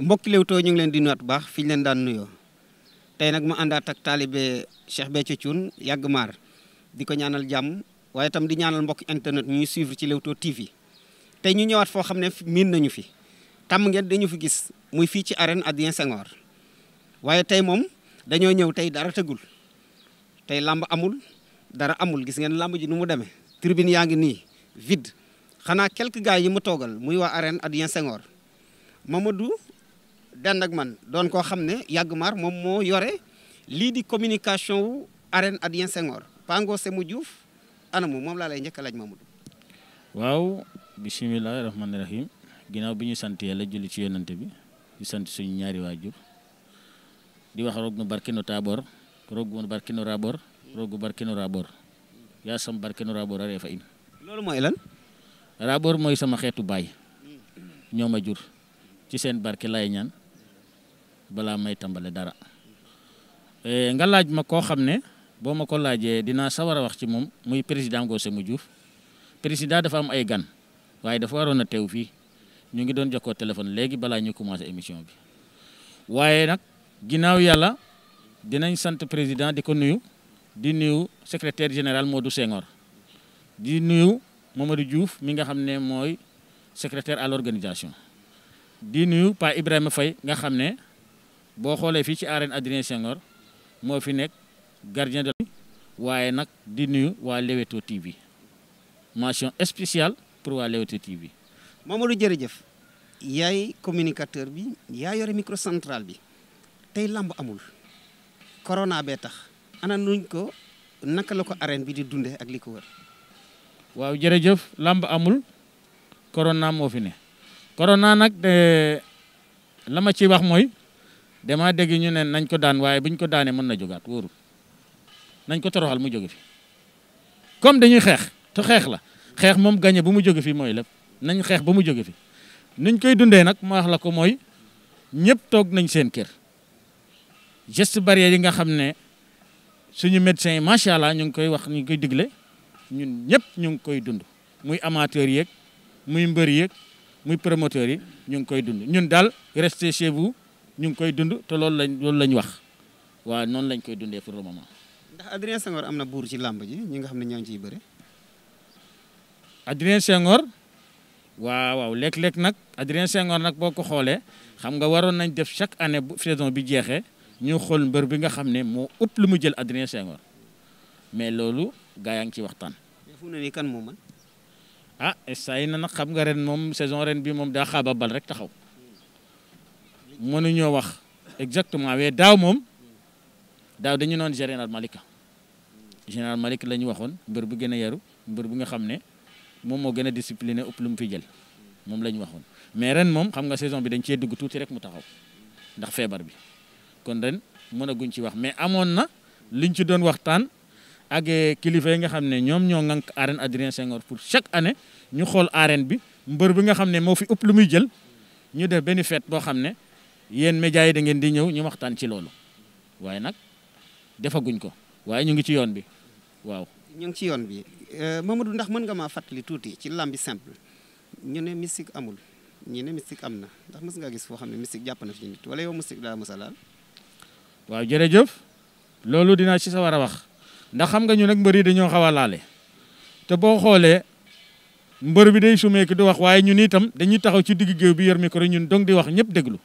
mbokk Leewtoo ñu ngi leen di nuyuwaat bu baax fi ñu leen daan nuyoo tey nag ma àndaat ak taalibe Cheikh ci Thioune yàgg maar di ko ñaanal jàmm waaye tam di ñaanal mbokk internet ñuy suivre ci Leewtoo TV tey ñu ñëwaat foo xam ne miin nañu fi tàmm ngeen dañu fi gis muy fii ci arène Adrien Senghor waaye tey moom dañoo ñëw tey dara tëggul tey làmb amul dara amul gis ngeen làmb ji nu mu demee tribune yaa ngi nii vide xanaa quelques gars yi mu toogal muy waa arène Adrien Senghor den man doon koo xam ne yàgg maar moom moo yore lii di communication wu arène Adrien Senghor Pango Sémou Diouf mu moom laa lay njëkk a laaj Mamadou. waaw bisimilah rahmaani rahim ginnaaw bi ñu sant yàlla julli ci yonante bi di sant suñu ñaari waajur di wax roog nu barkinu taabor roog nu barkinu rabor roog yaa sam barkinu rabor aree fa in loolu mooy lan. rabor mooy sama xeetu baay ñoo ma jur ci seen barke lay ñaan balaa may tàmbale dara eh, nga laaj ma koo xam ne boo ma ko laajee dinaa sawar a wax ci moom muy président Ngosé mu Diouf président dafa am ay gan waaye dafa waroon a teew fii ñu ngi doon jokkoo téléphone léegi balaa ñu commencé émission bi waaye nag ginnaaw yàlla dinañ sant président di ko nuyu di nuyu secretaire général Modou Senghor di nuyu Mamadou Diouf mi nga xam ne mooy secrétaire à l'organisation di nuyu Pa Ibrahima Faye nga xam ne boo xoolee fii ci arène Adrien Senghor moo fi nekk gardien de waaye nag di nuyu waa Leewtoo TV spéciale pour waa Leewtoo TV. jërëjëf. yaay communicateur bi yaa yore micro central bi tey lamb amul. corona bee tax ana ko naka la ko arène bi di dundee ak li ko wër. waaw jërëjëf lamb amul corona moo fi ne. corona nag eh, la ma ciy wax mooy. damaa dégg ñu ne nañ ko daan waaye buñ ko daanee mën na jógaat wóorul nañ ko toroxal mu jóge fi comme dañuy xeex te xeex la xeex moom gañe bu mu jóge fi mooy lépp nañ xeex ba mu jóge fi nuñ koy dundee nag ma wax la ko mooy ñëpp toog nañ seen kër geste barrière yi nga xam ne suñu médecins yi macha allah ñu ngi koy wax ñu ngi koy digle ñun ñëpp ñu ngi koy dund muy amateur yeeg muy mbër yeeg muy promoteur yi ñu ngi koy dund ñun daal restez chez ñu ngi koy dund te loolu lañ loolu lañ wax waaw noonu lañ koy dundee pour le ndax Adrien Senghor am na buur ci làmb ji ñi nga xam ne ñoo ngi ciy bëri. Adrien Senghor waaw waaw léeg-léeg nag Adrien Senghor nag boo ko xoolee xam nga waroon nañ def chaque année bu saison bi jeexee ñu xool mbër bi nga xam ne moo ëpp lu mu jël Adrien Senghor mais loolu gaa yaa ngi ciy waxtaan. fu ne nii kan moo mën. ah saa yi na nag xam nga ren moom saison ren bi moom daa xaaba bal rek taxaw. mënuñoo wax exactement mais daaw moom daaw dañu noon général malika général Malick la ñu waxoon mbër bu gën a yaru mbër bu nga xam ne moom moo gën a discipliné ëpp lu mu fi jël moom lañu waxoon mais ren moom xam nga saison bi dañ cee dugg tuuti rek mu taxaw ndax feebar bi kon ren mënaguñ ci wax mais amoon na liñ ci doon waxtaan ak kilifa yi nga xam ne ñoom ñoo ŋànk arène Adrien Senghor pour chaque année ñu xool arène bi mbër bi nga xam ne moo fi ëpp lu muy jël ñu def benn fête boo xam ne yéen médias yi da ngeen di ñëw ñu waxtaan ci loolu waaye nag defaguñ ko waaye ñu ngi ci yoon bi waaw. ñu ngi ci yoon bi euh, Mamadou ndax mën nga maa fàttali tuuti ci lambi simple ñu ne mystique amul ñu ne mystique am na ndax mës nga gis foo xam ne mystique jàpp na fi nit wala yow mystique daa mos a laal waaw jërëjëf loolu dinaa ci sa war a wax ndax xam nga ñu nag mbër yi dañoo xaw a laale te boo xoolee mbër bi day sumeeki du wax waaye ñun itam dañuy taxaw ci digg géew bi yor micro ñun dong di wax ñëpp déglu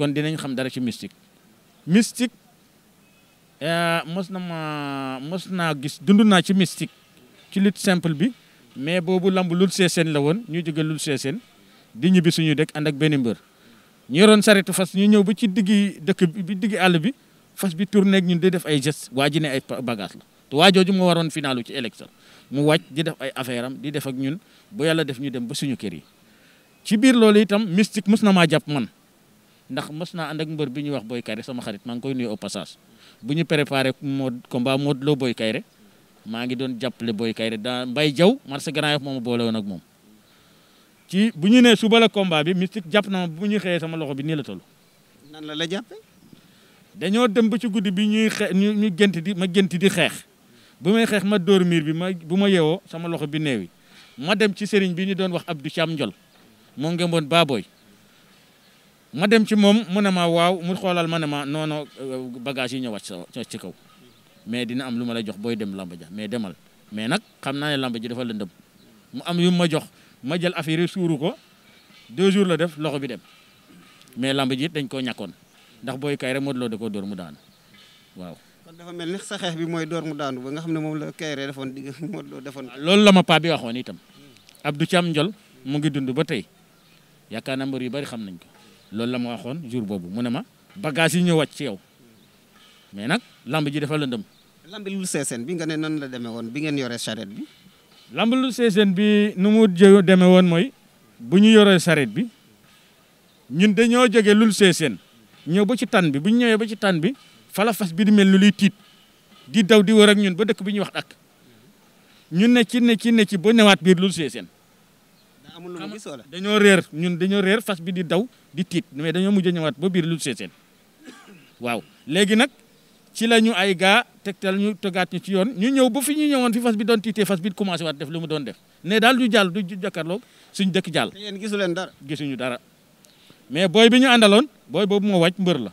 kon dinañ xam dara ci mystique mystique euh, mos na ma mos naa gis dund naa ci mystique ci lutte simple bi mais boobu lamb lul seeseen la woon ñu jóge lul seeseen di ñibbi suñu dëkk ànd ak benn mbër ñu yoroon saretu fas ñu ñëw ba ci diggi dëkk bi diggi àll bi fas bi tourné ak ñun di def ay gestes waa ji ne ay bagage la te waa jooju moo waroon finalu ci élection mu wàcc di def ay affaire am di def ak ñun bu yàlla def ñu dem ba suñu kër yi ci biir loolu itam mystique mos na maa jàpp man ndax mës naa ànd ak mbër bi ñuy wax Boy Kayre sama xarit maa ngi koy nuyu au passage bu ñu préparé moo combat Modou Lo Boy Kayre maa ngi doon jàppale Boy Kayre daa mbay jaw marché Grand Yoff moom boole moom ci bu ñu nee suba la combat bi mystique jàpp na ma bu ñu xëyee sama loxo bi nii la toll. nan la la jàppee. dañoo dem ba ci guddi bi ñuy ñu ñu di ma gént di xeex bu may xeex ma dóor miir bi ma bu ma yeewoo sama loxo bi néewi ma dem ci sëriñ bi ñu doon wax Abdou Thiam njol moo ngemboon Baboy. ma dem ci moom mu ne ma waaw mu xoolal ma ne ma noono euh, bagage yi ñëwaat sa ci kaw mais dina am lu ma lay jox booy dem lamba ja mais demal mais nag xam naa ne lamba defa la lëndëm mu am yu ma jox ma jël affaire yi suuru ko deux jours la def loxo bi dem mais lamba ji dañ koo ñàkkoon ndax booy kayre Modou Lo da koo mu daanu waaw. kon dafa mel ni sa xeex bi mooy dóor mu daanu ba nga xam ne moom la kayre defoon di Modou Lo defoon. la ma paa bi waxoon itam Abdou Thiam Ndiol mu ngi dund ba tey yaakaar naa mbër yu bari xam nañ loolu la ma waxoon jur boobu mu ne ma bagage yi ñëw wàcc ci yow mais nag lamb ji dafa lëndëm. lamb lu seeseen bi nga ne nan la demee woon bi ngeen yore charette bi. lamb lu seeseen bi nu mu jë demee woon mooy bu ñu yoree charette bi ñun dañoo jógee lul seeseen ñëw ba ci tànn bi bu ñëwee ba ci tànn bi fala fas bi di mel ni luy tiit di daw di wër ñun ba dëkk bi ñuy wax ak ñun ne ci ne ci ne ci ba newaat biir lul seeseen amul lu mu gis wala dañoo réer ñun dañoo réer fas bi di daw di tiit mais dañoo mujj ñëwaat ba biir lu seeseen waaw léegi nag ci la ñu ay gaa tegtal ñu tegaat ñu ci yoon ñu ñëw ba fi ñu ñëwoon fi fas bi doon tiitee fas bi commencé waat def lu mu doon def ne daal du jàll du jàkkaarloog suñ dëkk jàll. yéen gisu leen dara gisuñu dara mais booy bi ñu àndaloon booy boobu moo wàcc mbër la.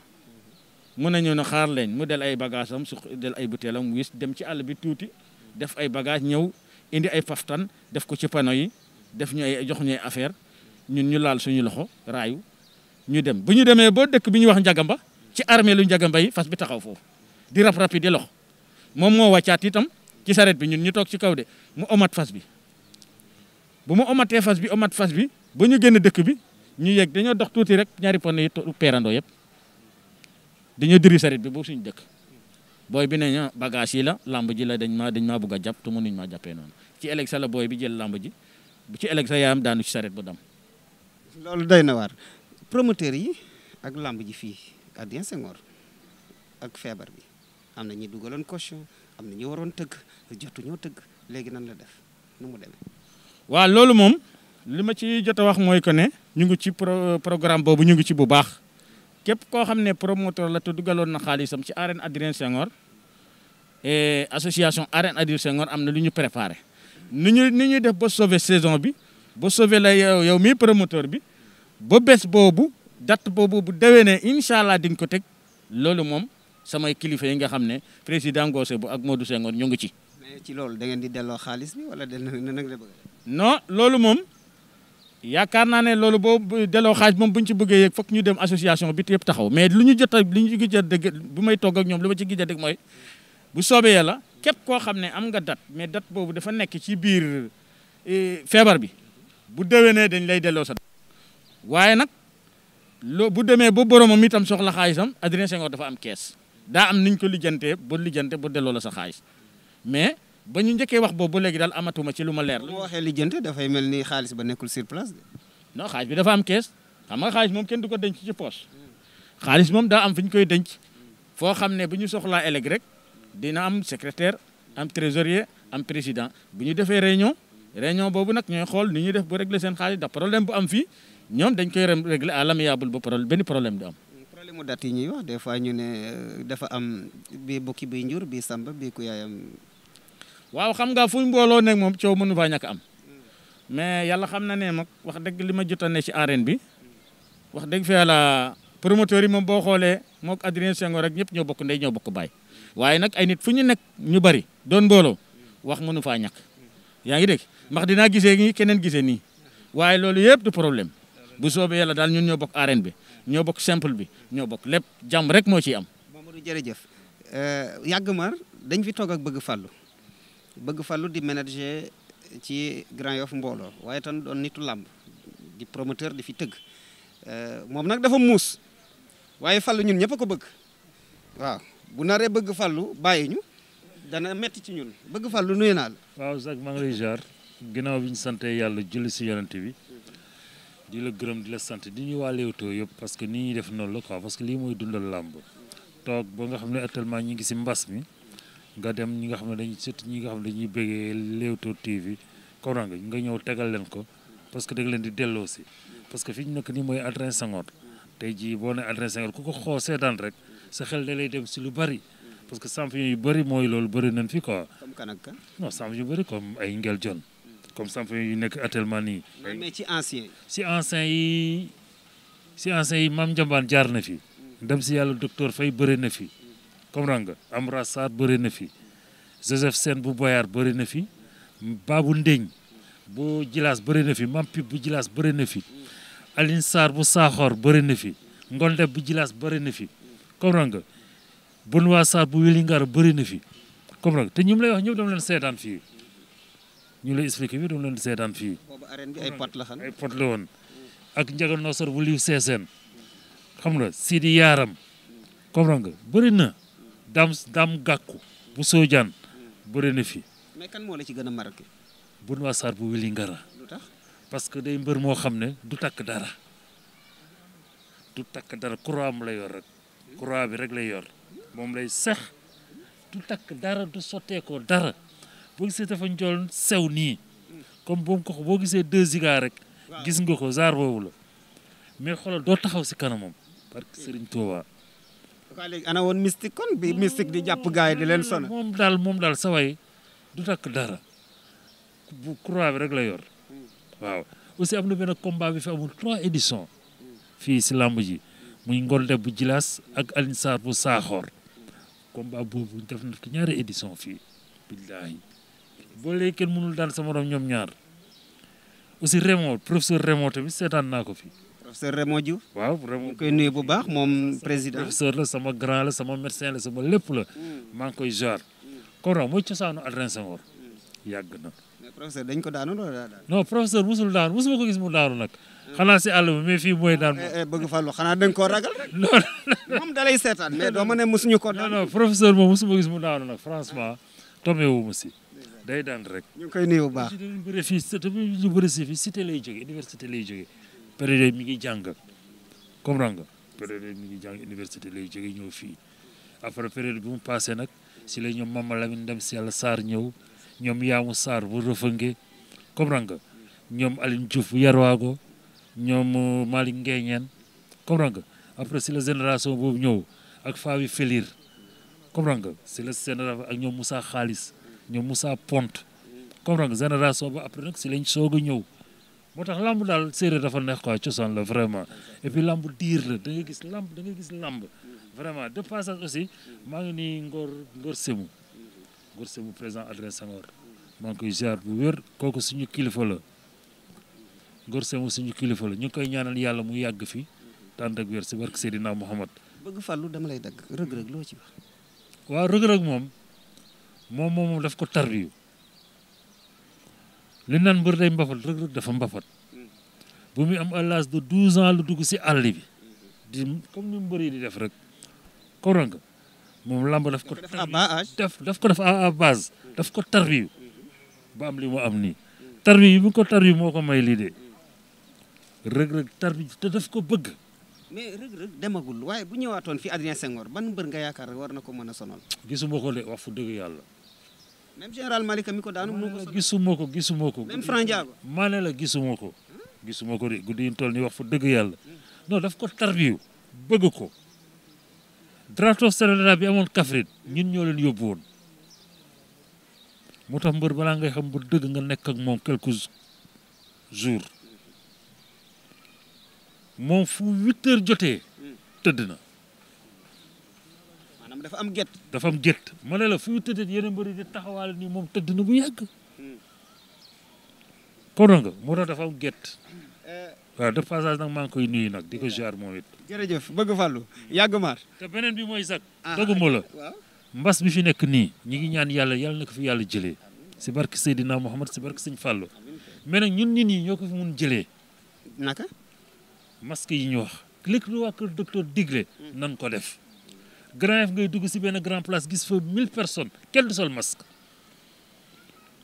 mun nañu ne xaar leen mu del ay bagage am su del ay butéelam wis dem ci àll bi tuuti def ay bagage ñëw indi ay paftan def ko ci panneau yi. def ñu ay jox ñu affaire ñun ñu laal suñu loxo raayu ñu dem bu ñu demee ba dëkk bi ñuy wax njagamba ci armeelu lu njagamba yi fas bi taxaw foofu di rap rapi di loxo moom moo wàccaat itam ci saret bi ñun ñu toog ci kaw de mu omat fas bi bu mu omatee fas bi omat fas bi ba ñu génn dëkk bi ñu yegg dañoo dox tuuti rek ñaari pone yi peerandoo yëpp dañoo diri saret bi bu suñ dëkk booy bi ne ñu bagage yi la lamb ji la dañ ma dañ maa bëgg a jàpp te mënuñ maa jàppee noonu ci élection la booy bi jël lamb ji bu ci éleg sa yaayam daanu ci saret bu dam loolu day na waar promoteur yi ak làmb ji fii Adrien Senghor ak feebar bi am na ñi dugaloon caution am na ñi waroon tëgg jotu ñoo tëgg léegi nan la def nu mu demee waaw loolu moom li ma ci jot a wax mooy que ne ñu ngi ci programme boobu ñu ngi ci bu baax képp koo xam ne promoteur la te dugaloon na xaalisam ci arène Adrien Senghor et association arène Adrien Senghor am na lu ñu préparé ni ñu ni ñuy def ba sauver saison bi ba sauver la yow yow mii promoteur bi ba bés boobu dat boobu bu ne incha allah di nga ko teg loolu moom samay kilifa yi nga xam ne président Ngosé bu ak Modou Senghor ñu ngi ci. mais ci loolu da ngeen di delloo xaalis bi wala non loolu moom yaakaar naa ne loolu boobu delloo xaalis moom bu ñu ci bëggee yëg foog ñu dem association bi yëpp taxaw mais lu ñu jot a lu ñu ci gis dëgg bu may togg ak ñoom lu ma ci gis dëgg mooy bu soobee yàlla képp koo xam ne am nga dat mais dat boobu dafa nekk ci biir e, feebar bi bu dewee ne dañ lay delloo sa waaye nag loo bu demee ba boromam itam soxla xaalisam Adrien Senghor dafa am kees daa am niñ ko lijjantee ba lijjante ba delloo la sa xaalis mais ba ñu njëkkee wax boobu léegi daal amatuma ci lu ma leer. la ma waxee lijjante dafay mel ni xaalis ba nekkul sur place de. non xaalis bi dafa am kees xam nga xaalis moom kenn du ko denc ci poche xaalis moom daa am fi ñu koy denc foo xam ne bu ñu soxlaa éleg rek. dina am secrétaire am trésorier am président bu ñu defee réunion réunion boobu nag ñooy xool ni ñuy def bu régler seen xaalis ndax problème bu am fii ñoom dañ koy régler à l'amiable ba problème benn problème du am. problème mu des fois ñu ne euh, dafa am bii bukki bii njur bii samba bii ku waaw xam nga fu mbooloo nekk moom coow nu faa ñàkk am mais yàlla xam na ne mag wax dëgg li ma jotane ci arène bi wax dëgg fi yàlla promoteurs yi moom boo xoolee moog Adrien Senghor rek ñëpp ñoo bokk ndey ñoo bokk baay. waaye nag ay nit fu ñu nekk ñu bari doon mbooloo wax mënu faa ñàkk yaa ngi dégg ndax dinaa gisee nii keneen gise nii waaye loolu yëpp du problème bu soobee yàlla daal ñun ñoo bokk arène bi ñoo bokk simple bi ñoo bokk lépp jàmb rek moo ciy am. Mamadou jërëjëf euh, yàgg mar dañ fi toog ak bëgg fallu bëgg fallu di manager ci Grand Yoff mbooloo waaye tan doon nitu làmb di promoteur di fi tëgg euh, moom nag dafa muus waaye fallu ñun ñëpp a ko bëgg waaw. bu naree bëgg fallu bàyyi ñu dana metti ci ñun bëgg fallu nuyu naa la. waaw Zak maa ngi lay jaar ginnaaw bi ñu sant yàlla julli si yonent bi di la gërëm di la sant di ñu waa Leewtoo yëpp parce que ni ñuy def noonu la quoi parce que lii mooy dundal làmb toog ba nga xam ne actuellement ñu ngi si mbas mi nga dem ñi nga xam ne dañuy surtout ñi nga xam ne dañuy bëggee Leewtoo TV comme nga nga ñëw tegal leen ko parce que da leen di delloo si parce que fi ñu nekk nii mooy Adrien Senghor te jii boo nee Adrien Senghor ku ko xoo seetaan rek. sa xel da lay dem si lu bari. parce que champion yu bari mooy loolu bari na fi quoi. comme kan ak yu bari comme ay Ngel jon comme champion yu nekk actuellement nii. ci ancien yi. si ancien yi si ancien yi Mame Ndiambane jaar na fi. dem si yàlla docteur fay bëri na fi. comprendre nga Amra Sarr bëri na fi. Joseph Sène bu Boyard bëri na fi. Babou Ndeñ bu Jilaas bëri na fi Mam Pip bu Jilaas bëri na fi. alin Sarr bu Saaxoor bëri na fi. Ngondeb bu Jilaas bëri na fi. comprendre nga Benoît Sarr bu Wellingara bëri na fi comprendre nga te ñu lay wax ñëpp dama leen seetaan fii ñu lay expliqué bi dama leen seetaan fii. ay pot la xam ay pot la woon ak Ndiaga Nosor bu liw seeseen xam nga Sidi Yaaram comprendre nga bëri na daam gàkku bu Soojaan bëri na fi. mais kan moo la ci gën a marqué. Benoît bu Wellingara. lu parce que day mbër moo xam ne du takk dara du takk dara croix am la yor rek. croix bi rek lay yor moom lay sex du takk dara du sotteekoo dara boo gisee dafa njool sew nii comme boobu ko boo gisee deux ziga rek gis nga ko zaar boobu la mais xoolal doo taxaw si kanamam parce que Serigne Touba. waaw léegi ana woon mystique kon bi mystique di jàpp yi di leen sonal. moom daal moom daal sa waay du takk dara bu croix bi rek la yor hmm. waaw aussi am na benn combat bi fi amul trois éditions hmm. fii si làmb muy Ngolde bu Jilaas ak Alioune Sarr bu Saaxoor combat boobu def na ko ñaari édition fii billaahi boo léegi kenn mënul daan sa morom ñoom ñaar aussi Raymond professeur Raymond tamit seetaan naa ko fi. professeur Raymond Diouf. waaw Raymond bu baax moom président. la sama grand la sama médecin la sama lépp la. Hmm. maa ngi koy jaar. Kora mooy cosaanu Adrien Senghor. Hmm. yàgg na. mais professeur dañ ko daanu lool daal. non professeur musul daanu musuma ko gis mu daanu xanaa si àll bi mais fii mooy daan eh, eh, bëgg Fallou xanaa da nga koo ragal rek. moom da lay seetaan mais doo ma ne mosuñu ko. non non professeur moom mosuma gis mu daanu nag franchement tombé wu ma day daan rek. ñu ngi koy nuyu bu baax. bëri fii lu bëri si fii cité lay jógee université lay jógee. période mi ngi jàng comprendre mi ngi jàng université lay jógee ñëw fii après période bi mu passé nag si la ñoom Mama Lamine dem si yàlla Sarr ñëw ñoom Yaamu Sarr bu Rëfange comprendre nga ñoom Aline Diouf bu Yarwaago ñoom euh, Malick Ngueye ñeen comprendre nga après si la génération boobu ñëw ak Fawi Felir comprendre nga si la génération ak ñoom Moussa Xaalis ñoom Moussa Ponte comprendre nga génération ba après nag si lañ soog a ñëw moo tax lamb daal séeréer dafa neex quoi cosaan la vraiment et puis lamb diir la da nga gis lamb da nga gis lamb vraiment de passage aussi maa ngi nii Ngor Ngor Semu Ngor Semu président Adrien Senghor maa ngi koy ziar bu wér kooku suñu kilifa la. Ngor Sema suñu kilifa la ñu koy ñaanal yàlla mu yàgg fi te ànd ak si barke Seydina Muhammad bëgg fàllu lay dagg rëg-rëg loo ci wax. waaw rëg-rëg moom moom moom daf ko tarbiyu li naan mbër dugg si àll bi di comme ni mbër yi di daf ko daf daf daf ko tarbiyu ba am li mu am nii tarbiyu mu ko tarbiyu moo ko may lii de rëg-rëg tar te daf ko bëgg mais rëg-rëg demagul waaye bu ñëwaatoon fi Adrien Senghor ban mbër nga yaakaar war na ko mën a sonal gisuma ko de wax fu dëgg yàlla même général Malika mi ko daanu moo ko gisuma ko gisuma maa la gisuma ko gisuma ko de guddi yi toll ni wax fu dëgg yàlla non daf ko tarbiyu bëgg ko dratostrada bi amoon Kaffrine ñun ñoo leen yóbbu woon moo tax mbër balaa ngay xam bu dëgg nga nekk moom quelques jours moom fu huit heures jotee hmm. tëdd na. maanaam dafa am gett. dafa am gett ma ne la fu huit heures yeneen mbëri di taxawaale nii moom tëdd na bu yàgg. kon hmm. nga moo tax dafa am gett. Eh, waaw de passage nag maa koy nuyu nag di ko jaar moom it. jërëjëf bëgg fàllu hmm. yàgg maar. te beneen bi mooy sax. Ah, doguma la mbas bi fi nekk nii ñu ngi ñaan yàlla yàlla na ko fi yàlla jëlee si barke Seydina Mouhamed si barke Sëñ Fàllu mais ñun nit ñoo ko fi mun jëlee. masque yi ñu wax lépp lu waa kër docteur digle nan ko def Grand Yoff ngay dugg si benn grand place gis fa mille personnes kenn du sol masque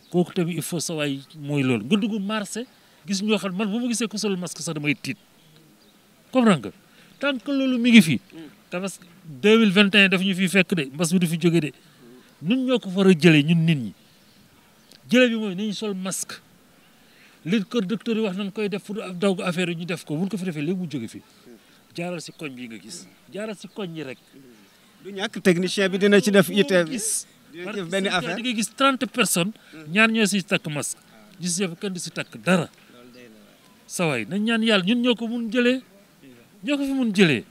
kooku tamit il faut sa mooy loolu nga dugg marché gis ñoo xam man bu ma gisee ko sol masque sax damay tiit comprendre nga tant que loolu mi ngi fi parce que 2021 daf ñu fi fekk de mbas mi du fi jóge de ñun ñoo ko war a jëlee ñun nit ñi jële bi mooy nañu sol masque li kër docteur yi wax nañ koy def pour daw affaire yi ñu def ko buñ ko fi defee léegi mu jóge fi jaaral si koñ bi nga gis jaaral si koñ yi rek. du ñàkk technicien bi dina ci def yitte bi dina def benn nga gis trente person ñaar ñoo si takk masque gis nga kenn du si takk dara saway nañ ñaan yàlla ñun ñoo ko mun jëlee ñoo ko fi mun jëlee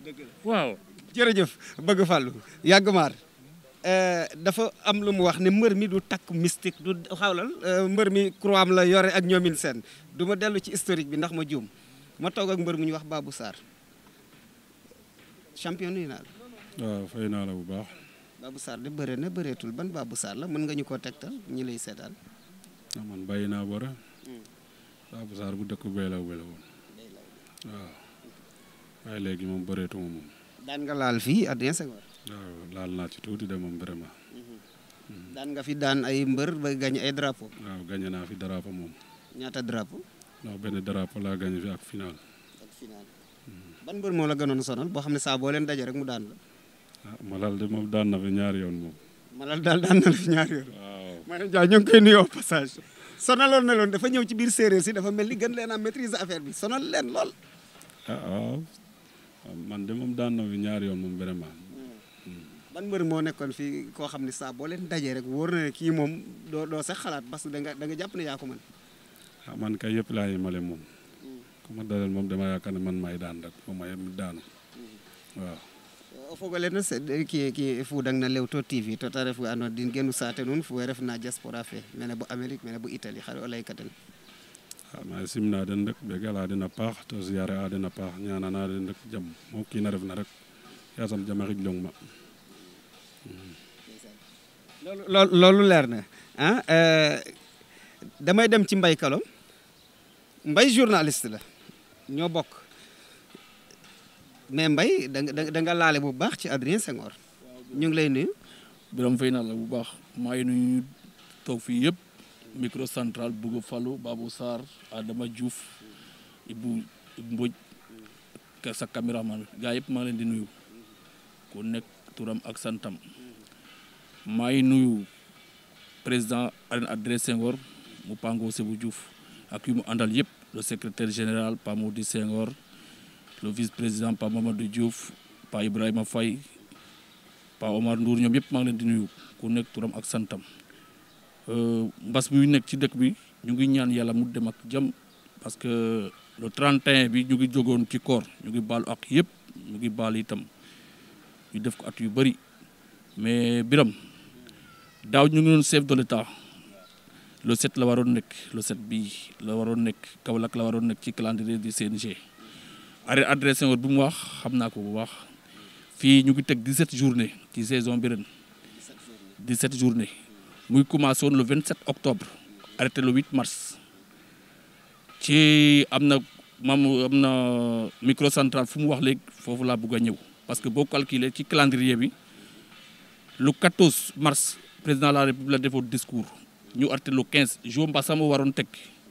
waaw. jërëjëf bëgg fàllu yàgg maar Euh, dafa am lu mu wax ne mbër mi du takk mystique du xawlal euh, mbër mi am la yore ak ñoomin seen du ma dellu ci historique bi ndax ma juum ma toog ak mbër mu ñu wax baabu saar champion nuyu naa la waaw fay naa la bu baax Babou Sarr de na bëreetul ban Babou Sarr la mën nga ñu koo tegtal ñi lay seetaan waaw ah, man bàyyi naa bora hmm. Babou Sarr bu dëkk Beylaw bi la woon waaw waaye léegi moom bëreetuma moom daan nga laal fii adrien Senghor laal naa ci tuuti de moom vraiment. Mm-hmm. daan nga fi daan ay mbër ba gañ ay drapeau. waaw gañe naa fi drapeau moom. ñaata drapeau. non benn drapeau laa gañe fi ak final. ak final ban mbër moo la gënoon sonal boo xam ne saa leen daje rek mu daan la. ah de moom daan na fi ñaari yoon moom. Malal daal daan na fi ñaari yoon. waaw Malick Ndiaye ñu ngi koy dafa ñëw ci biir séeréer si dafa mel ni gën leen a maîtriser affaire bi sonal leen lool. Ah, man de moom daan na fi ñaari yoon moom vraiment. man mbër moo nekkoon fii koo xam ne saa boo leen dajee rek wóor ne kii moom doo sax xalaat parce que da nga da jàpp yaa ko ah, man kay ma dalal moom dama yaakaar ne man daan rek moom may daanu waaw. fogole no seɗɗe eh, ki ki fuudanna lewto tv to ta ref we din genu saate nuun fo we refna diaspora fe mene bo amérique mene bo italie xaɗe o leyka den ah, ma simna den rek ɓegala den a paax to siare a den a paax ñanana den rek jam mo kiina refna rek yasam jama xij long ma loolu loolu leer na ah eh, damay dem ci mbay kalom mbay journaliste la ñoo bokk mais mbay danga nga da laale bu baax ci Adrien Senghor ñu ngi lay nuyu. Birame fay naa la bu baax maa ngi toog fii yëpp micro central Bouga Fallou Babou Sarr Adama Diouf Ibou Mbodj sa caméraman gaa yëpp maa leen di nuyu ku nekk. turam ak santam maa ngi nuyu président Arène mu Pango sebu Diouf ak yu mu àndal yëpp le secretaire général Pa Mody Senghor le vice-président Pa Mamadou Diouf Pa Ibrahima Faye Pa Omar Ndour ñoom yëpp maa ngi leen di nuyu ku nekk turam ak santam euh, mbas bi nekk ci dëkk bi ñu ngi ñaan yàlla mu dem ak jàmm parce que le 31 bi ñu ngi jógoon ci koor ñu ngi baalu ak yëpp ñu ngi baal itam ñu def ko at yu bëri mais biram daaw ñu ngi doon chef de l'état le set la waroon nekk le set bii la waroon nekk Kaolack la waroon nekk ci calendrier du CNG arrêt adressé woon bu mu wax xam naa ko bu baax fii ñu ngi teg 17 journée ci saison bi ren 17 journée muy commencé woon le 27 octobre arrêté le 8 mars ci am na maam am na microcentrale fu mu wax léegi foofu laa bëgg a ñëw parce que boo calculer ci calendrier bi lu 14 mars président de la république la defoon discours ñu arrêté le 15 jour ba sama waroon tekki